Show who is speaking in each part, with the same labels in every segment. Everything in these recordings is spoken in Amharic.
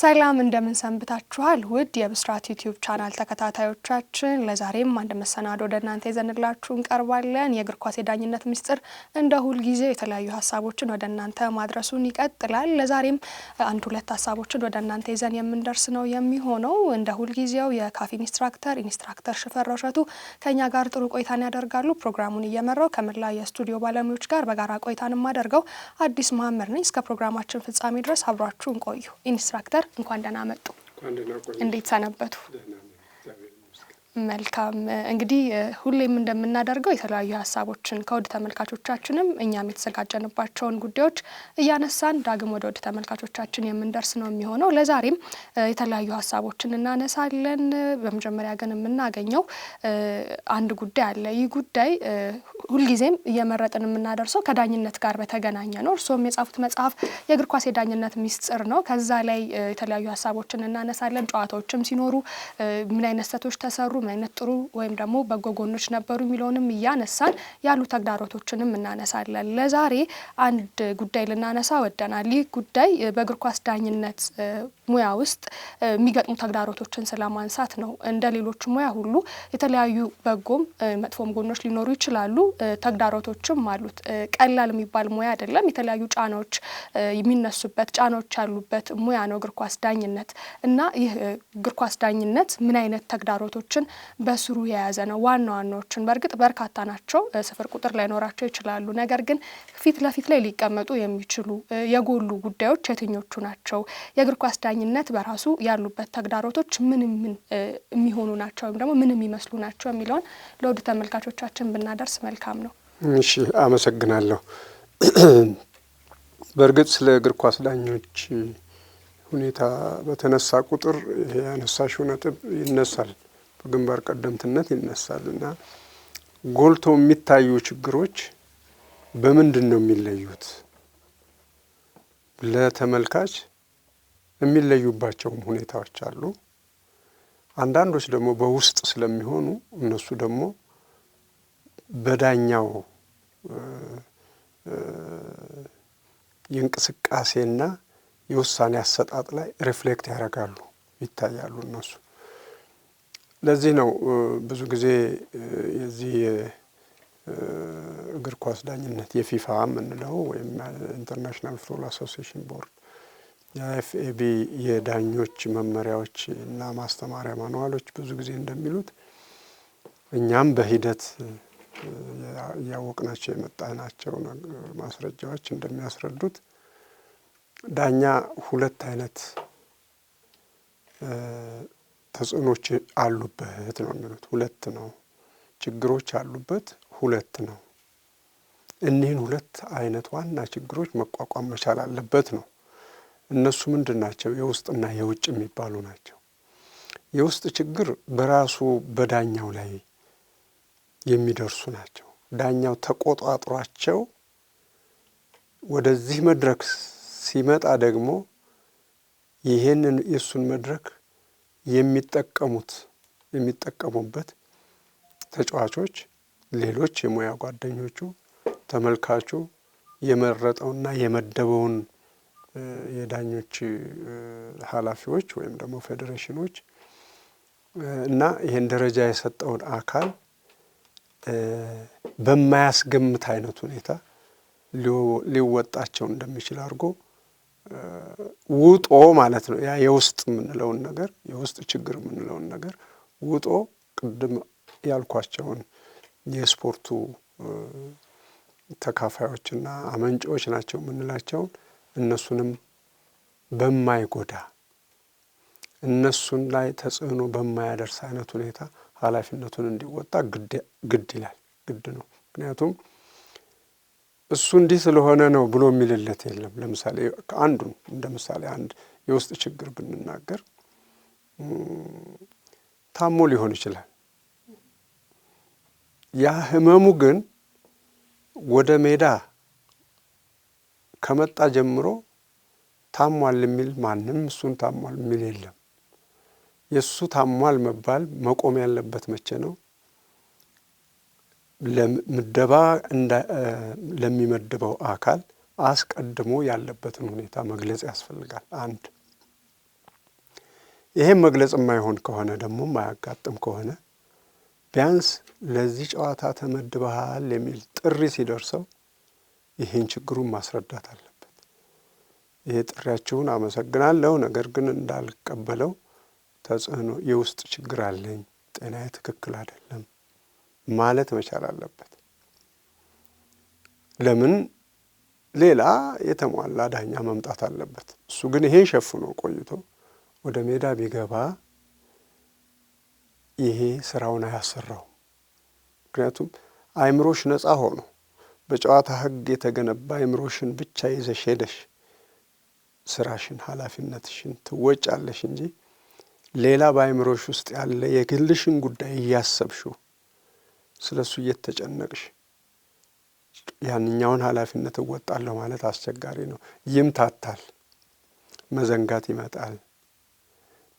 Speaker 1: ሰላም ሰንብታችኋል? ውድ የብስራት ዩቲዩብ ቻናል ተከታታዮቻችን፣ ለዛሬም አንድ መሰናዶ ወደ እናንተ ይዘንላችሁ እንቀርባለን። የእግር ኳስ የዳኝነት ምስጢር እንደ ጊዜ የተለያዩ ሀሳቦችን ወደ እናንተ ማድረሱን ይቀጥላል። ለዛሬም አንድ ሁለት ሀሳቦችን ወደ እናንተ ይዘን የምንደርስ ነው የሚሆነው። እንደ ሁልጊዜው የካፊ ኢንስትራክተር ኢንስትራክተር ሽፈራው እሸቱ ከእኛ ጋር ጥሩ ቆይታን ያደርጋሉ። ፕሮግራሙን እየመራው ከመላ የስቱዲዮ ባለሙያዎች ጋር በጋራ ቆይታን የማደርገው አዲስ መሀመድ ነኝ። እስከ ፕሮግራማችን ፍጻሜ ድረስ አብሯችሁን ቆዩ። ኢንስትራክተር እንኳን ደህና መጡ። እንዴት ሰነበቱ? መልካም እንግዲህ ሁሌም እንደምናደርገው የተለያዩ ሀሳቦችን ከወድ ተመልካቾቻችንም እኛም የተዘጋጀንባቸውን ጉዳዮች እያነሳን ዳግም ወደ ወድ ተመልካቾቻችን የምንደርስ ነው የሚሆነው። ለዛሬም የተለያዩ ሀሳቦችን እናነሳለን። በመጀመሪያ ግን የምናገኘው አንድ ጉዳይ አለ። ይህ ጉዳይ ሁልጊዜም እየመረጥን የምናደርሰው ከዳኝነት ጋር በተገናኘ ነው። እርስዎም የጻፉት መጽሐፍ የእግር ኳስ የዳኝነት ሚስጥር ነው። ከዛ ላይ የተለያዩ ሀሳቦችን እናነሳለን። ጨዋታዎችም ሲኖሩ ምን አይነት ስህተቶች ተሰሩ፣ ምን አይነት ጥሩ ወይም ደግሞ በጎ ጎኖች ነበሩ የሚለውንም እያነሳን ያሉ ተግዳሮቶችንም እናነሳለን። ለዛሬ አንድ ጉዳይ ልናነሳ ወደናል። ይህ ጉዳይ በእግር ኳስ ዳኝነት ሙያ ውስጥ የሚገጥሙ ተግዳሮቶችን ስለማንሳት ነው። እንደ ሌሎች ሙያ ሁሉ የተለያዩ በጎም መጥፎም ጎኖች ሊኖሩ ይችላሉ። ተግዳሮቶችም አሉት። ቀላል የሚባል ሙያ አይደለም። የተለያዩ ጫናዎች የሚነሱበት ጫናዎች ያሉበት ሙያ ነው እግር ኳስ ዳኝነት እና ይህ እግር ኳስ ዳኝነት ምን አይነት ተግዳሮቶችን በስሩ የያዘ ነው? ዋና ዋናዎችን በእርግጥ በርካታ ናቸው፣ ስፍር ቁጥር ላይኖራቸው ይችላሉ። ነገር ግን ፊት ለፊት ላይ ሊቀመጡ የሚችሉ የጎሉ ጉዳዮች የትኞቹ ናቸው? የእግር ኳስ ዳኝነት በራሱ ያሉበት ተግዳሮቶች ምን ምን የሚሆኑ ናቸው ወይም ደግሞ ምን የሚመስሉ ናቸው የሚለውን ለወዱ ተመልካቾቻችን ብናደርስ መልካም መልካም ነው።
Speaker 2: እሺ አመሰግናለሁ። በእርግጥ ስለ እግር ኳስ ዳኞች ሁኔታ በተነሳ ቁጥር ይሄ ያነሳሽው ነጥብ ይነሳል፣ በግንባር ቀደምትነት ይነሳል እና ጎልቶ የሚታዩ ችግሮች በምንድን ነው የሚለዩት? ለተመልካች የሚለዩባቸውም ሁኔታዎች አሉ። አንዳንዶች ደግሞ በውስጥ ስለሚሆኑ እነሱ ደግሞ በዳኛው የእንቅስቃሴና የውሳኔ አሰጣጥ ላይ ሪፍሌክት ያደርጋሉ፣ ይታያሉ እነሱ። ለዚህ ነው ብዙ ጊዜ የዚህ እግር ኳስ ዳኝነት የፊፋ የምንለው ወይም ኢንተርናሽናል ፉትቦል አሶሲሽን ቦርድ የኤፍኤቢ የዳኞች መመሪያዎች እና ማስተማሪያ ማንዋሎች ብዙ ጊዜ እንደሚሉት እኛም በሂደት እያወቅናቸው የመጣናቸው ማስረጃዎች እንደሚያስረዱት ዳኛ ሁለት አይነት ተጽዕኖች አሉበት ነው የሚሉት። ሁለት ነው ችግሮች አሉበት፣ ሁለት ነው። እኒህን ሁለት አይነት ዋና ችግሮች መቋቋም መቻል አለበት ነው። እነሱ ምንድን ናቸው? የውስጥና የውጭ የሚባሉ ናቸው። የውስጥ ችግር በራሱ በዳኛው ላይ የሚደርሱ ናቸው። ዳኛው ተቆጣጥሯቸው ወደዚህ መድረክ ሲመጣ ደግሞ ይህንን የእሱን መድረክ የሚጠቀሙት የሚጠቀሙበት ተጫዋቾች፣ ሌሎች የሙያ ጓደኞቹ፣ ተመልካቹ የመረጠውና የመደበውን የዳኞች ኃላፊዎች ወይም ደግሞ ፌዴሬሽኖች እና ይህን ደረጃ የሰጠውን አካል በማያስገምት አይነት ሁኔታ ሊወጣቸው እንደሚችል አድርጎ ውጦ ማለት ነው። ያ የውስጥ የምንለውን ነገር የውስጥ ችግር የምንለውን ነገር ውጦ ቅድም ያልኳቸውን የስፖርቱ ተካፋዮችና አመንጮች ናቸው የምንላቸውን እነሱንም በማይጎዳ እነሱን ላይ ተጽዕኖ በማያደርስ አይነት ሁኔታ ኃላፊነቱን እንዲወጣ ግድ ይላል። ግድ ነው። ምክንያቱም እሱ እንዲህ ስለሆነ ነው ብሎ የሚልለት የለም። ለምሳሌ አንዱን እንደ ምሳሌ አንድ የውስጥ ችግር ብንናገር ታሞ ሊሆን ይችላል። ያ ህመሙ ግን ወደ ሜዳ ከመጣ ጀምሮ ታሟል የሚል ማንም እሱን ታሟል የሚል የለም። የእሱ ታሟል መባል መቆም ያለበት መቼ ነው? ምደባ ለሚመድበው አካል አስቀድሞ ያለበትን ሁኔታ መግለጽ ያስፈልጋል። አንድ ይሄም መግለጽ የማይሆን ከሆነ ደግሞ የማያጋጥም ከሆነ ቢያንስ ለዚህ ጨዋታ ተመድበሃል የሚል ጥሪ ሲደርሰው ይህን ችግሩን ማስረዳት አለበት። ይሄ ጥሪያችሁን አመሰግናለሁ፣ ነገር ግን እንዳልቀበለው ተጽዕኖ የውስጥ ችግር አለኝ፣ ጤናዬ ትክክል አይደለም ማለት መቻል አለበት። ለምን ሌላ የተሟላ ዳኛ መምጣት አለበት። እሱ ግን ይሄን ሸፍኖ ቆይቶ ወደ ሜዳ ቢገባ ይሄ ስራውን አያሰራውም። ምክንያቱም አይምሮሽ ነፃ ሆኖ በጨዋታ ህግ የተገነባ አይምሮሽን ብቻ ይዘሽ ሄደሽ ስራሽን ኃላፊነትሽን ትወጫለሽ እንጂ ሌላ በአእምሮሽ ውስጥ ያለ የግልሽን ጉዳይ እያሰብሽው ስለ እሱ እየተጨነቅሽ ያንኛውን ኃላፊነት እወጣለሁ ማለት አስቸጋሪ ነው። ይምታታል፣ መዘንጋት ይመጣል።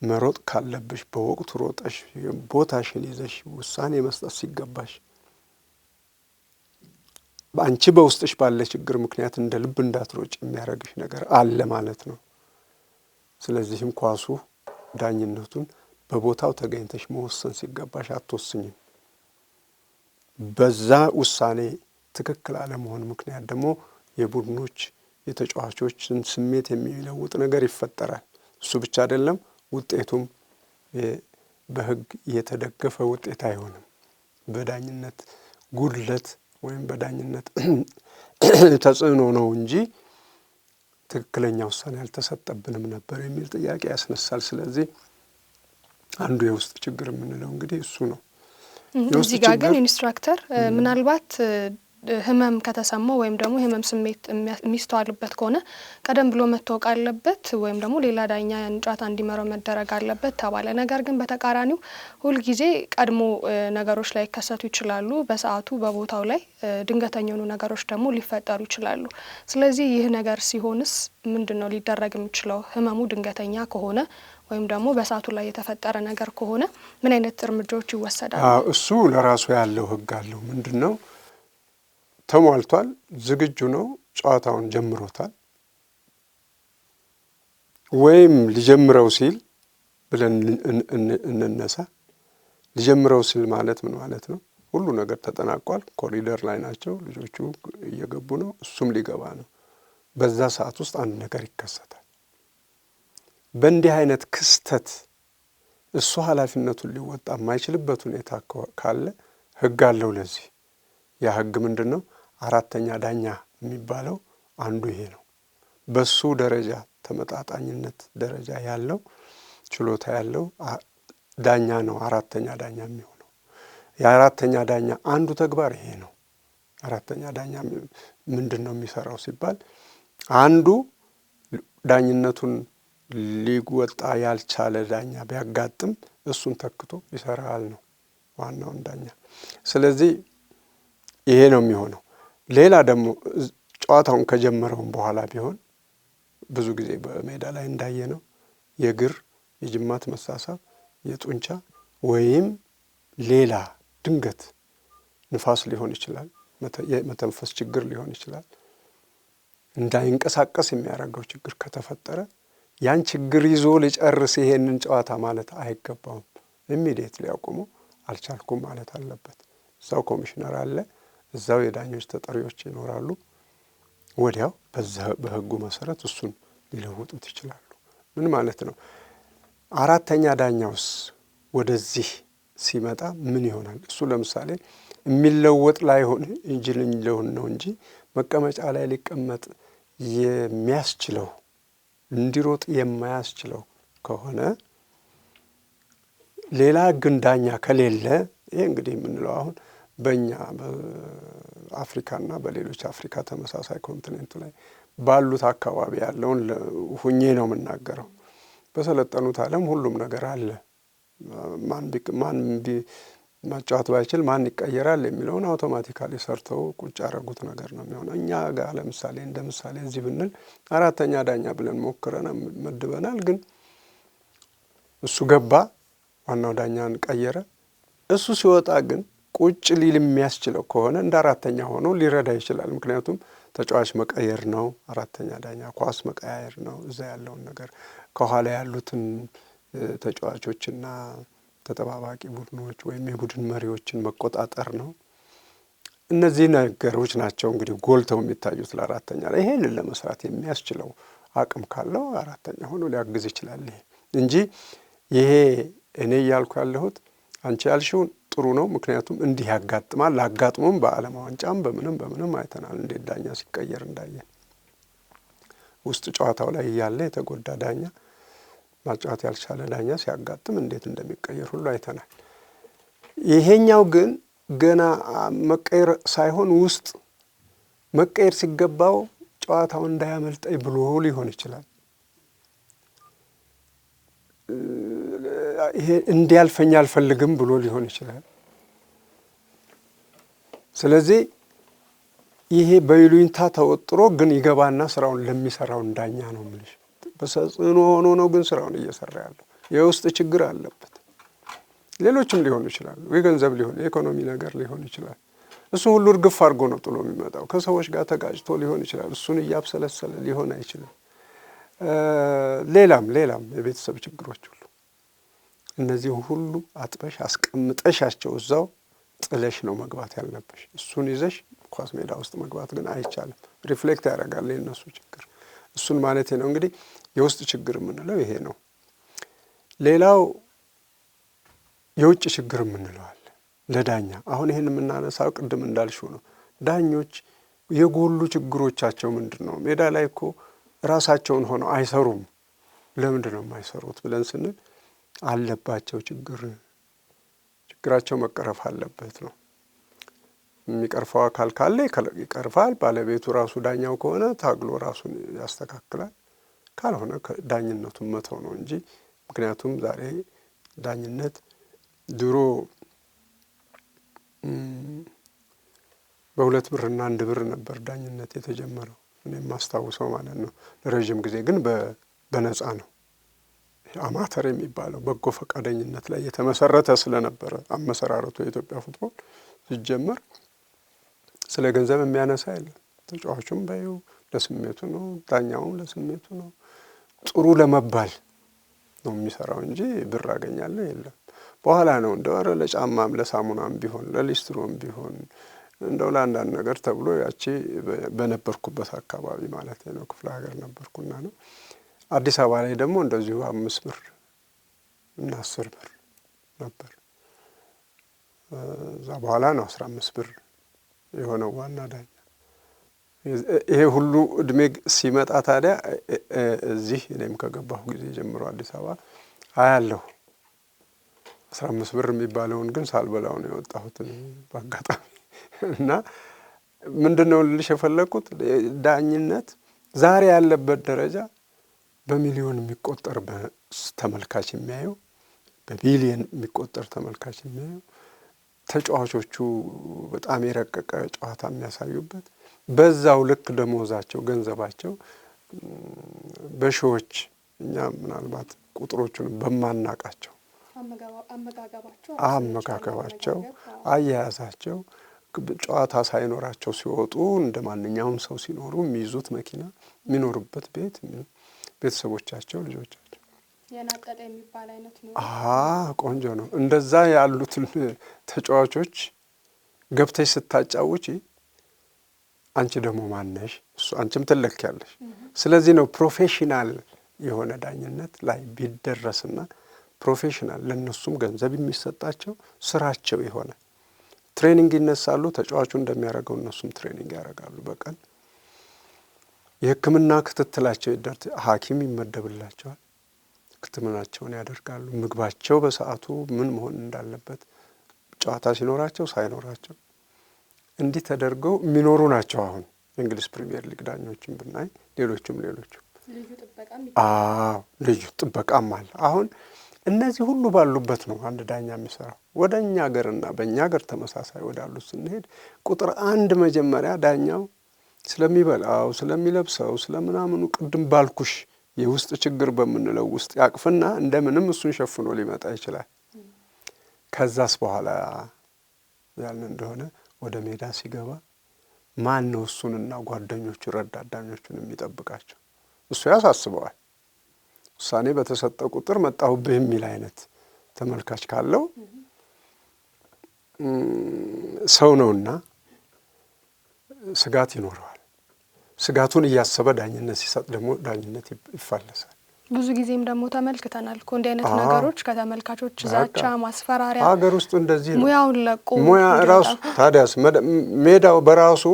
Speaker 2: መሮጥ ካለብሽ በወቅቱ ሮጠሽ ቦታሽን ይዘሽ ውሳኔ መስጠት ሲገባሽ አንቺ በውስጥሽ ባለ ችግር ምክንያት እንደ ልብ እንዳትሮጭ የሚያደርግሽ ነገር አለ ማለት ነው። ስለዚህም ኳሱ ዳኝነቱን በቦታው ተገኝተሽ መወሰን ሲገባሽ አትወስኝም። በዛ ውሳኔ ትክክል አለመሆን ምክንያት ደግሞ የቡድኖች የተጫዋቾችን ስሜት የሚለውጥ ነገር ይፈጠራል። እሱ ብቻ አይደለም፣ ውጤቱም በህግ የተደገፈ ውጤት አይሆንም። በዳኝነት ጉድለት ወይም በዳኝነት ተጽዕኖ ነው እንጂ ትክክለኛ ውሳኔ አልተሰጠብንም ነበር የሚል ጥያቄ ያስነሳል። ስለዚህ አንዱ የውስጥ ችግር የምንለው እንግዲህ እሱ ነው።
Speaker 1: እዚህ ጋር ግን ኢንስትራክተር ምናልባት ህመም ከተሰማው ወይም ደግሞ ህመም ስሜት የሚስተዋልበት ከሆነ ቀደም ብሎ መታወቅ አለበት ወይም ደግሞ ሌላ ዳኛ ያን ጨዋታ እንዲመራው መደረግ አለበት ተባለ። ነገር ግን በተቃራኒው ሁልጊዜ ቀድሞ ነገሮች ላይ ከሰቱ ይችላሉ። በሰዓቱ በቦታው ላይ ድንገተኛ የሆኑ ነገሮች ደግሞ ሊፈጠሩ ይችላሉ። ስለዚህ ይህ ነገር ሲሆንስ ምንድን ነው ሊደረግ የሚችለው? ህመሙ ድንገተኛ ከሆነ ወይም ደግሞ በሰዓቱ ላይ የተፈጠረ ነገር ከሆነ ምን አይነት እርምጃዎች ይወሰዳሉ?
Speaker 2: እሱ ለራሱ ያለው ህግ አለው ምንድን ነው ተሟልቷል። ዝግጁ ነው። ጨዋታውን ጀምሮታል። ወይም ሊጀምረው ሲል ብለን እንነሳ። ሊጀምረው ሲል ማለት ምን ማለት ነው? ሁሉ ነገር ተጠናቋል። ኮሪደር ላይ ናቸው ልጆቹ፣ እየገቡ ነው። እሱም ሊገባ ነው። በዛ ሰዓት ውስጥ አንድ ነገር ይከሰታል። በእንዲህ አይነት ክስተት እሱ ኃላፊነቱን ሊወጣ የማይችልበት ሁኔታ ካለ ህግ አለው ለዚህ ያ ህግ ምንድን ነው? አራተኛ ዳኛ የሚባለው አንዱ ይሄ ነው። በሱ ደረጃ ተመጣጣኝነት ደረጃ ያለው ችሎታ ያለው ዳኛ ነው አራተኛ ዳኛ የሚሆነው። የአራተኛ ዳኛ አንዱ ተግባር ይሄ ነው። አራተኛ ዳኛ ምንድን ነው የሚሰራው ሲባል አንዱ ዳኝነቱን ሊወጣ ያልቻለ ዳኛ ቢያጋጥም እሱን ተክቶ ይሰራል ነው ዋናውን ዳኛ። ስለዚህ ይሄ ነው የሚሆነው። ሌላ ደግሞ ጨዋታውን ከጀመረውን በኋላ ቢሆን ብዙ ጊዜ በሜዳ ላይ እንዳየ ነው የእግር የጅማት መሳሳብ፣ የጡንቻ ወይም ሌላ ድንገት ንፋስ ሊሆን ይችላል፣ መተንፈስ ችግር ሊሆን ይችላል። እንዳይንቀሳቀስ የሚያደርገው ችግር ከተፈጠረ ያን ችግር ይዞ ሊጨርስ ይሄንን ጨዋታ ማለት አይገባውም። ኢሚዲየት ሊያቆሙ አልቻልኩም ማለት አለበት። እዛው ኮሚሽነር አለ። እዛው የዳኞች ተጠሪዎች ይኖራሉ። ወዲያው በህጉ መሰረት እሱን ሊለውጡት ይችላሉ። ምን ማለት ነው? አራተኛ ዳኛውስ ወደዚህ ሲመጣ ምን ይሆናል? እሱ ለምሳሌ የሚለወጥ ላይሆን እንጂ ልንለውን ነው እንጂ መቀመጫ ላይ ሊቀመጥ የሚያስችለው እንዲሮጥ የማያስችለው ከሆነ ሌላ ግን ዳኛ ከሌለ ይሄ እንግዲህ የምንለው አሁን በእኛ አፍሪካና በሌሎች አፍሪካ ተመሳሳይ ኮንቲኔንት ላይ ባሉት አካባቢ ያለውን ሁኜ ነው የምናገረው። በሰለጠኑት ዓለም ሁሉም ነገር አለ። ማን መጫወት ባይችል ማን ይቀየራል የሚለውን አውቶማቲካሊ ሰርተው ቁጭ ያደረጉት ነገር ነው የሚሆነው። እኛ ጋር ለምሳሌ እንደ ምሳሌ እዚህ ብንል አራተኛ ዳኛ ብለን ሞክረን መድበናል። ግን እሱ ገባ፣ ዋናው ዳኛን ቀየረ። እሱ ሲወጣ ግን ቁጭ ሊል የሚያስችለው ከሆነ እንደ አራተኛ ሆኖ ሊረዳ ይችላል። ምክንያቱም ተጫዋች መቀየር ነው፣ አራተኛ ዳኛ ኳስ መቀያየር ነው። እዛ ያለውን ነገር ከኋላ ያሉትን ተጫዋቾችና ተጠባባቂ ቡድኖች ወይም የቡድን መሪዎችን መቆጣጠር ነው። እነዚህ ነገሮች ናቸው እንግዲህ ጎልተው የሚታዩት ለአራተኛ ላይ ይሄንን ለመስራት የሚያስችለው አቅም ካለው አራተኛ ሆኖ ሊያግዝ ይችላል። ይሄ እንጂ ይሄ እኔ እያልኩ ያለሁት አንቺ ያልሽውን ጥሩ ነው። ምክንያቱም እንዲህ ያጋጥማል። አጋጥሞም በዓለም ዋንጫም በምንም በምንም አይተናል እንዴት ዳኛ ሲቀየር እንዳየን ውስጥ ጨዋታው ላይ እያለ የተጎዳ ዳኛ ማጫወት ያልቻለ ዳኛ ሲያጋጥም እንዴት እንደሚቀየር ሁሉ አይተናል። ይሄኛው ግን ገና መቀየር ሳይሆን ውስጥ መቀየር ሲገባው ጨዋታው እንዳያመልጠኝ ብሎ ሊሆን ይችላል። ይሄ እንዲያልፈኝ አልፈልግም ብሎ ሊሆን ይችላል። ስለዚህ ይሄ በይሉኝታ ተወጥሮ ግን ይገባና ስራውን ለሚሰራው እንዳኛ ነው የምልሽ። በተጽዕኖ ሆኖ ነው ግን ስራውን እየሰራ ያለው። የውስጥ ችግር አለበት። ሌሎችም ሊሆኑ ይችላሉ። የገንዘብ ሊሆን የኢኮኖሚ ነገር ሊሆን ይችላል። እሱ ሁሉ እርግፍ አድርጎ ነው ጥሎ የሚመጣው። ከሰዎች ጋር ተጋጭቶ ሊሆን ይችላል። እሱን እያብሰለሰለ ሊሆን አይችልም። ሌላም ሌላም የቤተሰብ ችግሮች እነዚህ ሁሉ አጥበሽ አስቀምጠሻቸው እዛው ጥለሽ ነው መግባት ያለበሽ። እሱን ይዘሽ ኳስ ሜዳ ውስጥ መግባት ግን አይቻልም። ሪፍሌክት ያደርጋል የነሱ ችግር። እሱን ማለት ነው እንግዲህ የውስጥ ችግር የምንለው ይሄ ነው። ሌላው የውጭ ችግር የምንለዋል ለዳኛ አሁን ይህን የምናነሳው ቅድም እንዳልሽው ነው። ዳኞች የጎሉ ችግሮቻቸው ምንድን ነው? ሜዳ ላይ እኮ ራሳቸውን ሆነው አይሰሩም። ለምንድን ነው የማይሰሩት ብለን ስንል አለባቸው ችግር ችግራቸው መቀረፍ አለበት ነው። የሚቀርፈው አካል ካለ ይቀርፋል። ባለቤቱ ራሱ ዳኛው ከሆነ ታግሎ ራሱን ያስተካክላል። ካልሆነ ዳኝነቱን መተው ነው እንጂ ምክንያቱም ዛሬ ዳኝነት ድሮ በሁለት ብር እና አንድ ብር ነበር ዳኝነት የተጀመረው እኔ የማስታውሰው ማለት ነው። ለረዥም ጊዜ ግን በነጻ ነው። አማተር የሚባለው በጎ ፈቃደኝነት ላይ የተመሰረተ ስለነበረ አመሰራረቱ የኢትዮጵያ ፉትቦል ሲጀመር ስለ ገንዘብ የሚያነሳ የለም። ተጫዋቹም በዩ ለስሜቱ ነው፣ ዳኛውም ለስሜቱ ነው። ጥሩ ለመባል ነው የሚሰራው እንጂ ብር አገኛለሁ የለም። በኋላ ነው እንደው ኧረ ለጫማም ለሳሙናም ቢሆን ለሊስትሮም ቢሆን እንደው ለአንዳንድ ነገር ተብሎ ያቺ በነበርኩበት አካባቢ ማለት ነው ክፍለ ሀገር ነበርኩና ነው አዲስ አበባ ላይ ደግሞ እንደዚሁ አምስት ብር እና አስር ብር ነበር። እዛ በኋላ ነው አስራ አምስት ብር የሆነው ዋና ዳኛ። ይሄ ሁሉ እድሜ ሲመጣ ታዲያ እዚህ እኔም ከገባሁ ጊዜ ጀምሮ አዲስ አበባ አያለሁ። አስራ አምስት ብር የሚባለውን ግን ሳልበላው ነው የወጣሁት በአጋጣሚ እና ምንድን ነው ልልሽ የፈለግኩት ዳኝነት ዛሬ ያለበት ደረጃ በሚሊዮን የሚቆጠር ተመልካች የሚያየው በቢሊየን የሚቆጠር ተመልካች የሚያየው ተጫዋቾቹ በጣም የረቀቀ ጨዋታ የሚያሳዩበት በዛው ልክ ደሞዛቸው፣ ገንዘባቸው በሺዎች እኛ ምናልባት ቁጥሮቹን በማናቃቸው አመጋገባቸው፣ አያያዛቸው ጨዋታ ሳይኖራቸው ሲወጡ እንደ ማንኛውም ሰው ሲኖሩ የሚይዙት መኪና፣ የሚኖሩበት ቤት ቤተሰቦቻቸው፣ ልጆቻቸው ቆንጆ ነው። እንደዛ ያሉትን ተጫዋቾች ገብተሽ ስታጫውች አንቺ ደግሞ ማነሽ? እሱ አንቺም ያለሽ። ስለዚህ ነው ፕሮፌሽናል የሆነ ዳኝነት ላይ ቢደረስና ፕሮፌሽናል ለእነሱም ገንዘብ የሚሰጣቸው ስራቸው የሆነ ትሬኒንግ ይነሳሉ። ተጫዋቹ እንደሚያደርገው እነሱም ትሬኒንግ ያደርጋሉ በቀን የህክምና ክትትላቸው ሐኪም ይመደብላቸዋል። ክትምናቸውን ያደርጋሉ። ምግባቸው በሰዓቱ ምን መሆን እንዳለበት፣ ጨዋታ ሲኖራቸው ሳይኖራቸው፣ እንዲህ ተደርገው የሚኖሩ ናቸው። አሁን የእንግሊዝ ፕሪሚየር ሊግ ዳኞችን ብናይ ሌሎቹም ሌሎቹም አዎ ልዩ ጥበቃም አለ። አሁን እነዚህ ሁሉ ባሉበት ነው አንድ ዳኛ የሚሰራው። ወደ እኛ ሀገርና በእኛ ሀገር ተመሳሳይ ወዳሉት ስንሄድ ቁጥር አንድ መጀመሪያ ዳኛው ስለሚበላው፣ ስለሚለብሰው፣ ስለምናምኑ ቅድም ባልኩሽ የውስጥ ችግር በምንለው ውስጥ ያቅፍና እንደምንም እሱን ሸፍኖ ሊመጣ ይችላል። ከዛስ በኋላ ያልን እንደሆነ ወደ ሜዳ ሲገባ ማን ነው እሱንና ጓደኞቹ ረዳዳኞቹን የሚጠብቃቸው? እሱ ያሳስበዋል። ውሳኔ በተሰጠ ቁጥር መጣሁብህ የሚል አይነት ተመልካች ካለው ሰው ነውና ስጋት ይኖረዋል። ስጋቱን እያሰበ ዳኝነት ሲሰጥ ደግሞ ዳኝነት ይፋለሳል።
Speaker 1: ብዙ ጊዜም ደግሞ ተመልክተናል እኮ እንዲህ አይነት ነገሮች ከተመልካቾች ዛቻ፣ ማስፈራሪያ
Speaker 2: ሀገር ውስጥ እንደዚህ ነው።
Speaker 1: ሙያውን ለቁ
Speaker 2: ሙያ ራሱ ታዲያስ ሜዳው በራሱ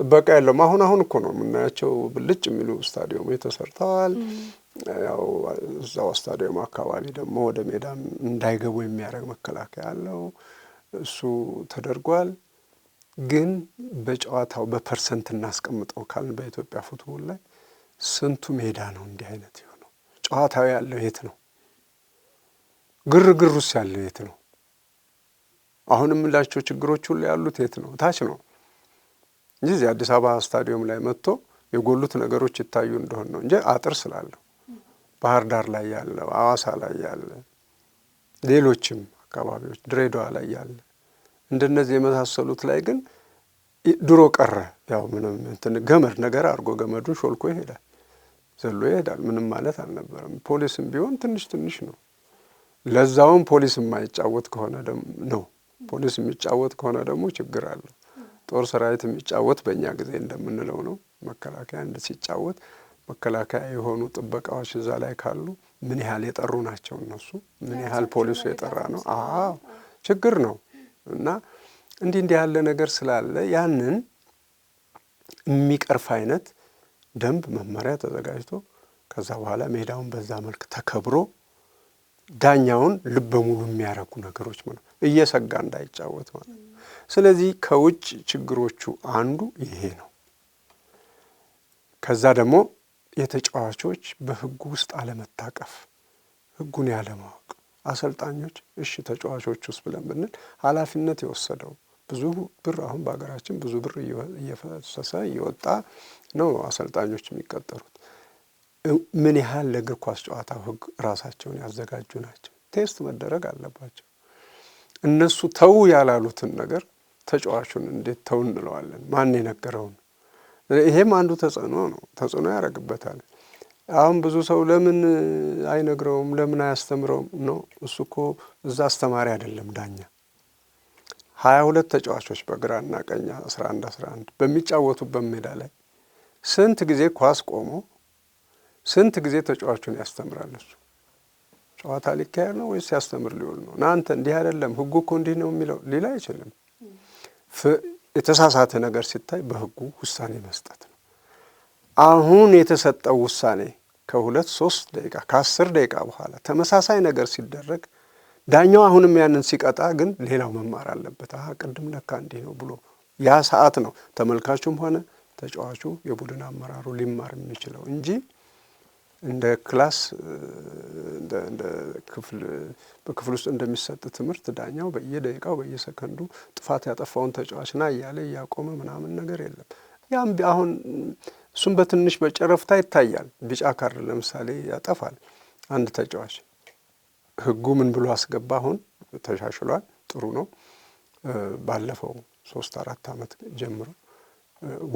Speaker 2: ጥበቃ የለውም። አሁን አሁን እኮ ነው የምናያቸው ብልጭ የሚሉ ስታዲየሙ ተሰርተዋል። ያው እዛው ስታዲየሙ አካባቢ ደግሞ ወደ ሜዳም እንዳይገቡ የሚያደርግ መከላከያ አለው። እሱ ተደርጓል። ግን በጨዋታው በፐርሰንት እናስቀምጠው ካልን በኢትዮጵያ ፉትቦል ላይ ስንቱ ሜዳ ነው እንዲህ አይነት የሆነው? ጨዋታው ያለው የት ነው? ግርግሩስ ያለው የት ነው? አሁን የምላቸው ችግሮች ሁሉ ያሉት የት ነው? ታች ነው እንጂ እዚህ አዲስ አበባ ስታዲየም ላይ መጥቶ የጎሉት ነገሮች ይታዩ እንደሆን ነው እንጂ አጥር ስላለው ባህር ዳር ላይ ያለ፣ አዋሳ ላይ ያለ፣ ሌሎችም አካባቢዎች ድሬዳዋ ላይ ያለ እንደነዚህ የመሳሰሉት ላይ ግን ድሮ ቀረ። ያው ምንም እንትን ገመድ ነገር አድርጎ ገመዱን ሾልኮ ይሄዳል፣ ዘሎ ይሄዳል። ምንም ማለት አልነበረም። ፖሊስም ቢሆን ትንሽ ትንሽ ነው። ለዛውም ፖሊስ የማይጫወት ከሆነ ነው። ፖሊስ የሚጫወት ከሆነ ደግሞ ችግር አለው። ጦር ሰራዊት የሚጫወት በእኛ ጊዜ እንደምንለው ነው። መከላከያ እንደ ሲጫወት መከላከያ የሆኑ ጥበቃዎች እዛ ላይ ካሉ ምን ያህል የጠሩ ናቸው እነሱ ምን ያህል ፖሊሱ የጠራ ነው? አዎ ችግር ነው። እና እንዲህ እንዲህ ያለ ነገር ስላለ ያንን የሚቀርፍ አይነት ደንብ መመሪያ ተዘጋጅቶ ከዛ በኋላ ሜዳውን በዛ መልክ ተከብሮ ዳኛውን ልብ ሙሉ የሚያረጉ ነገሮች ማለት እየሰጋ እንዳይጫወት ማለት ነው። ስለዚህ ከውጭ ችግሮቹ አንዱ ይሄ ነው። ከዛ ደግሞ የተጫዋቾች በህጉ ውስጥ አለመታቀፍ፣ ህጉን ያለማወቅ አሰልጣኞች፣ እሺ ተጫዋቾች ውስጥ ብለን ብንል ኃላፊነት የወሰደው ብዙ ብር አሁን በሀገራችን ብዙ ብር እየፈሰሰ እየወጣ ነው አሰልጣኞች የሚቀጠሩት። ምን ያህል ለእግር ኳስ ጨዋታ ህግ ራሳቸውን ያዘጋጁ ናቸው? ቴስት መደረግ አለባቸው። እነሱ ተው ያላሉትን ነገር ተጫዋቹን እንዴት ተው እንለዋለን? ማን የነገረውን? ይሄም አንዱ ተጽዕኖ ነው። ተጽዕኖ ያደርግበታል። አሁን ብዙ ሰው ለምን አይነግረውም? ለምን አያስተምረውም? ነው እሱ እኮ እዛ አስተማሪ አይደለም ዳኛ። ሀያ ሁለት ተጫዋቾች በግራና ቀኝ አስራ አንድ አስራ አንድ በሚጫወቱበት ሜዳ ላይ ስንት ጊዜ ኳስ ቆሞ ስንት ጊዜ ተጫዋቹን ያስተምራል? እሱ ጨዋታ ሊካሄድ ነው ወይስ ሲያስተምር ሊውል ነው? እናንተ እንዲህ አይደለም ህጉ እኮ እንዲህ ነው የሚለው ሊል አይችልም። የተሳሳተ ነገር ሲታይ በህጉ ውሳኔ መስጠት ነው። አሁን የተሰጠው ውሳኔ ከሁለት ሶስት ደቂቃ ከአስር ደቂቃ በኋላ ተመሳሳይ ነገር ሲደረግ ዳኛው አሁንም ያንን ሲቀጣ ግን ሌላው መማር አለበት። አሀ ቅድም ለካ እንዲህ ነው ብሎ ያ ሰዓት ነው ተመልካቹም ሆነ ተጫዋቹ የቡድን አመራሩ ሊማር የሚችለው እንጂ እንደ ክላስ እንደ ክፍል በክፍል ውስጥ እንደሚሰጥ ትምህርት ዳኛው በየደቂቃው በየሰከንዱ ጥፋት ያጠፋውን ተጫዋችና እያለ እያቆመ ምናምን ነገር የለም። ያም አሁን እሱም በትንሽ በጨረፍታ ይታያል። ቢጫ ካርድ ለምሳሌ ያጠፋል አንድ ተጫዋች። ህጉ ምን ብሎ አስገባ? አሁን ተሻሽሏል፣ ጥሩ ነው። ባለፈው ሶስት አራት ዓመት ጀምሮ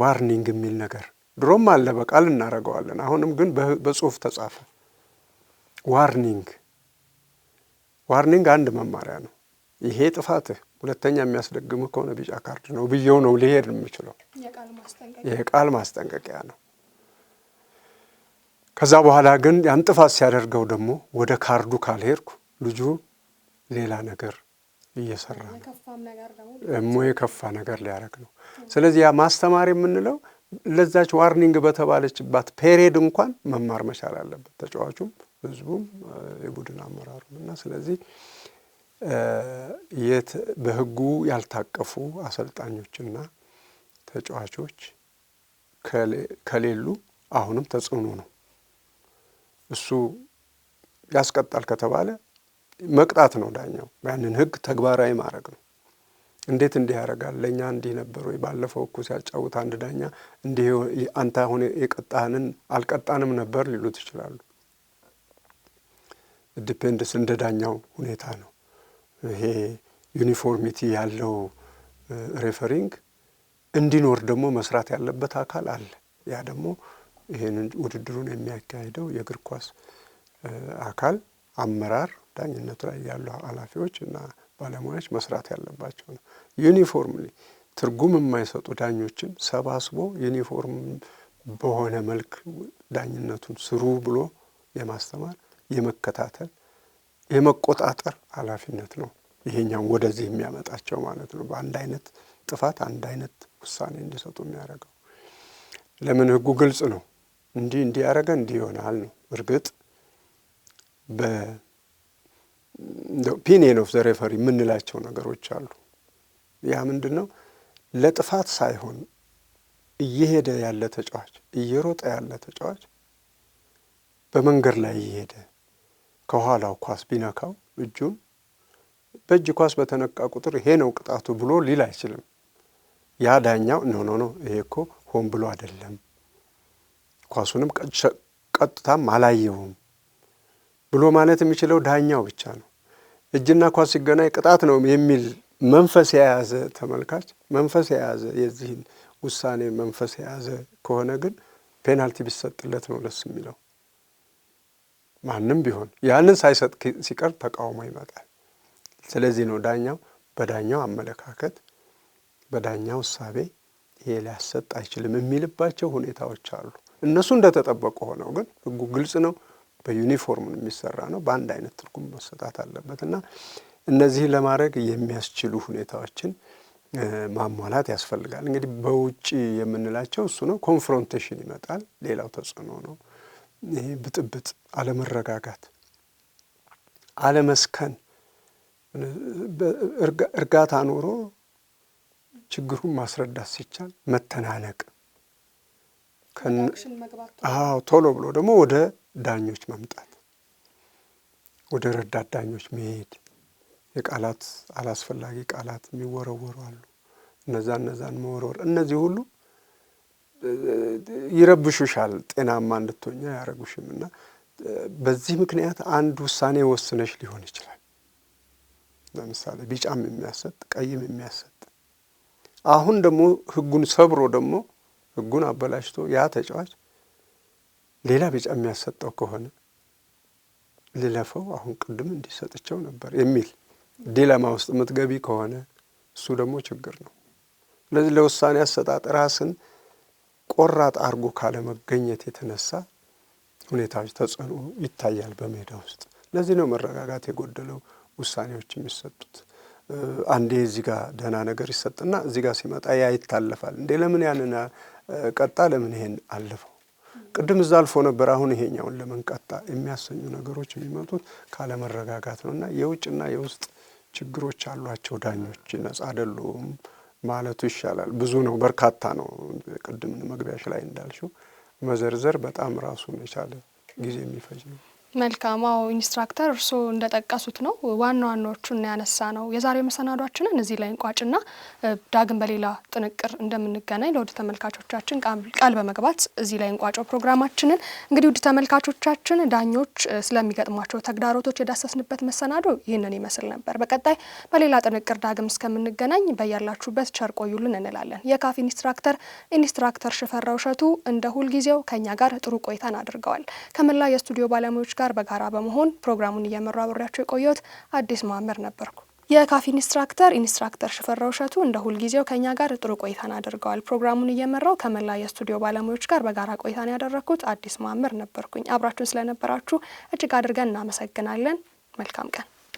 Speaker 2: ዋርኒንግ የሚል ነገር ድሮም አለ፣ በቃል እናደርገዋለን። አሁንም ግን በጽሁፍ ተጻፈ። ዋርኒንግ ዋርኒንግ አንድ መማሪያ ነው። ይሄ ጥፋትህ ሁለተኛ የሚያስደግምህ ከሆነ ቢጫ ካርድ ነው ብዬው ነው ሊሄድ የምችለው።
Speaker 1: ይሄ ቃል ማስጠንቀቂያ ነው።
Speaker 2: ከዛ በኋላ ግን ያን ጥፋት ሲያደርገው ደግሞ ወደ ካርዱ ካልሄድኩ ልጁ ሌላ ነገር እየሰራ ነው፣ የከፋ ነገር ሊያደርግ ነው። ስለዚህ ያ ማስተማር የምንለው ለዛች ዋርኒንግ በተባለችባት ፔሬድ እንኳን መማር መቻል አለበት ተጫዋቹም፣ ህዝቡም፣ የቡድን አመራሩም እና ስለዚህ የት በህጉ ያልታቀፉ አሰልጣኞችና ተጫዋቾች ከሌሉ አሁንም ተጽዕኖ ነው። እሱ ያስቀጣል ከተባለ መቅጣት ነው ዳኛው። ያንን ህግ ተግባራዊ ማድረግ ነው። እንዴት እንዲህ ያደርጋል? ለእኛ እንዲህ ነበር ወይ? ባለፈው እኮ ሲያጫውት አንድ ዳኛ እንዲህ አንተ አሁን የቀጣህንን አልቀጣንም ነበር ሊሉት ይችላሉ። ዲፔንድስ እንደ ዳኛው ሁኔታ ነው። ይሄ ዩኒፎርሚቲ ያለው ሬፈሪንግ እንዲኖር ደግሞ መስራት ያለበት አካል አለ። ያ ደግሞ ይህንን ውድድሩን የሚያካሄደው የእግር ኳስ አካል አመራር፣ ዳኝነቱ ላይ ያሉ ኃላፊዎች እና ባለሙያዎች መስራት ያለባቸው ነው። ዩኒፎርም ትርጉም የማይሰጡ ዳኞችን ሰባስቦ ዩኒፎርም በሆነ መልክ ዳኝነቱን ስሩ ብሎ የማስተማር የመከታተል የመቆጣጠር ኃላፊነት ነው። ይሄኛው ወደዚህ የሚያመጣቸው ማለት ነው። በአንድ አይነት ጥፋት አንድ አይነት ውሳኔ እንዲሰጡ የሚያደርገው ለምን? ህጉ ግልጽ ነው። እንዲህ እንዲህ ያደረገ እንዲህ ይሆናል ነው። እርግጥ ኦፒኒየን ኦፍ ዘ ሬፈሪ የምንላቸው ነገሮች አሉ። ያ ምንድን ነው? ለጥፋት ሳይሆን እየሄደ ያለ ተጫዋች እየሮጠ ያለ ተጫዋች በመንገድ ላይ እየሄደ ከኋላው ኳስ ቢነካው እጁን በእጅ ኳስ በተነካ ቁጥር ይሄ ነው ቅጣቱ ብሎ ሊል አይችልም። ያ ዳኛው ኖ ኖ ኖ ይሄ እኮ ሆን ብሎ አይደለም፣ ኳሱንም ቀጥታም አላየውም ብሎ ማለት የሚችለው ዳኛው ብቻ ነው። እጅና ኳስ ሲገናኝ ቅጣት ነው የሚል መንፈስ የያዘ ተመልካች መንፈስ የያዘ የዚህን ውሳኔ መንፈስ የያዘ ከሆነ ግን ፔናልቲ ቢሰጥለት ነው ደስ የሚለው። ማንም ቢሆን ያንን ሳይሰጥ ሲቀር ተቃውሞ ይመጣል። ስለዚህ ነው ዳኛው በዳኛው አመለካከት በዳኛው እሳቤ ይሄ ሊያሰጥ አይችልም የሚልባቸው ሁኔታዎች አሉ። እነሱ እንደተጠበቁ ሆነው ግን ህጉ ግልጽ ነው። በዩኒፎርም የሚሰራ ነው። በአንድ አይነት ትርጉም መሰጣት አለበት እና እነዚህ ለማድረግ የሚያስችሉ ሁኔታዎችን ማሟላት ያስፈልጋል። እንግዲህ በውጭ የምንላቸው እሱ ነው። ኮንፍሮንቴሽን ይመጣል። ሌላው ተጽዕኖ ነው። ይሄ ብጥብጥ፣ አለመረጋጋት፣ አለመስከን እርጋታ ኖሮ ችግሩን ማስረዳት ሲቻል መተናነቅ፣ አዎ ቶሎ ብሎ ደግሞ ወደ ዳኞች መምጣት፣ ወደ ረዳት ዳኞች መሄድ፣ የቃላት አላስፈላጊ ቃላት የሚወረወሩ አሉ። እነዛ እነዛን መወርወር፣ እነዚህ ሁሉ ይረብሹሻል፣ ጤናማ እንድትሆኛ አያረጉሽም። እና በዚህ ምክንያት አንድ ውሳኔ ወስነሽ ሊሆን ይችላል። ለምሳሌ ቢጫም የሚያሰጥ ቀይም የሚያሰጥ አሁን ደግሞ ህጉን ሰብሮ ደግሞ ህጉን አበላሽቶ ያ ተጫዋች ሌላ ቢጫ የሚያሰጠው ከሆነ ልለፈው፣ አሁን ቅድም እንዲሰጥቸው ነበር የሚል ዲለማ ውስጥ የምትገቢ ከሆነ እሱ ደግሞ ችግር ነው። ስለዚህ ለውሳኔ አሰጣጥ ራስን ቆራጥ አርጎ ካለመገኘት የተነሳ ሁኔታዎች ተጽዕኖ ይታያል በሜዳ ውስጥ። ለዚህ ነው መረጋጋት የጎደለው ውሳኔዎች የሚሰጡት። አንዴ እዚህ ጋር ደህና ነገር ይሰጥና እዚህ ጋር ሲመጣ ያ ይታለፋል። እንዴ ለምን ያንን ቀጣ? ለምን ይሄን አለፈው? ቅድም እዛ አልፎ ነበር፣ አሁን ይሄኛውን ለምን ቀጣ? የሚያሰኙ ነገሮች የሚመጡት ካለመረጋጋት ነው እና የውጭና የውስጥ ችግሮች አሏቸው ዳኞች፣ ነጻ አይደሉም። ማለቱ ይሻላል። ብዙ ነው፣ በርካታ ነው። ቅድም መግቢያሽ ላይ እንዳልሽው መዘርዘር በጣም ራሱን የቻለ ጊዜ የሚፈጅ ነው። መልካም አዎ ኢንስትራክተር እርስዎ እንደጠቀሱት ነው ዋና ዋናዎቹን ያነሳ ነው። የዛሬው መሰናዷችንን እዚህ ላይ እንቋጭና ዳግም በሌላ ጥንቅር እንደምንገናኝ ለውድ ተመልካቾቻችን ቃል በመግባት እዚህ ላይ እንቋጨው ፕሮግራማችንን። እንግዲህ ውድ ተመልካቾቻችን ዳኞች ስለሚገጥሟቸው ተግዳሮቶች የዳሰስንበት መሰናዶ ይህንን ይመስል ነበር። በቀጣይ በሌላ ጥንቅር ዳግም እስከምንገናኝ በያላችሁበት ቸር ቆዩልን እንላለን። የካፍ ኢንስትራክተር ኢንስትራክተር ሽፈራው እሸቱ እንደ ሁልጊዜው ከእኛ ጋር ጥሩ ቆይታን አድርገዋል። ከመላ የስቱዲዮ ባለሙያዎች ጋር በጋራ በመሆን ፕሮግራሙን እየመሩ አብሬያቸው የቆየሁት አዲስ ማመር ነበርኩ። የካፍ ኢንስትራክተር ኢንስትራክተር ሽፈራው እሸቱ እንደ ሁልጊዜው ከኛ ጋር ጥሩ ቆይታን አድርገዋል። ፕሮግራሙን እየመራው ከመላ የስቱዲዮ ባለሙያዎች ጋር በጋራ ቆይታን ያደረግኩት አዲስ ማመር ነበርኩኝ። አብራችሁን ስለነበራችሁ እጅግ አድርገን እናመሰግናለን። መልካም ቀን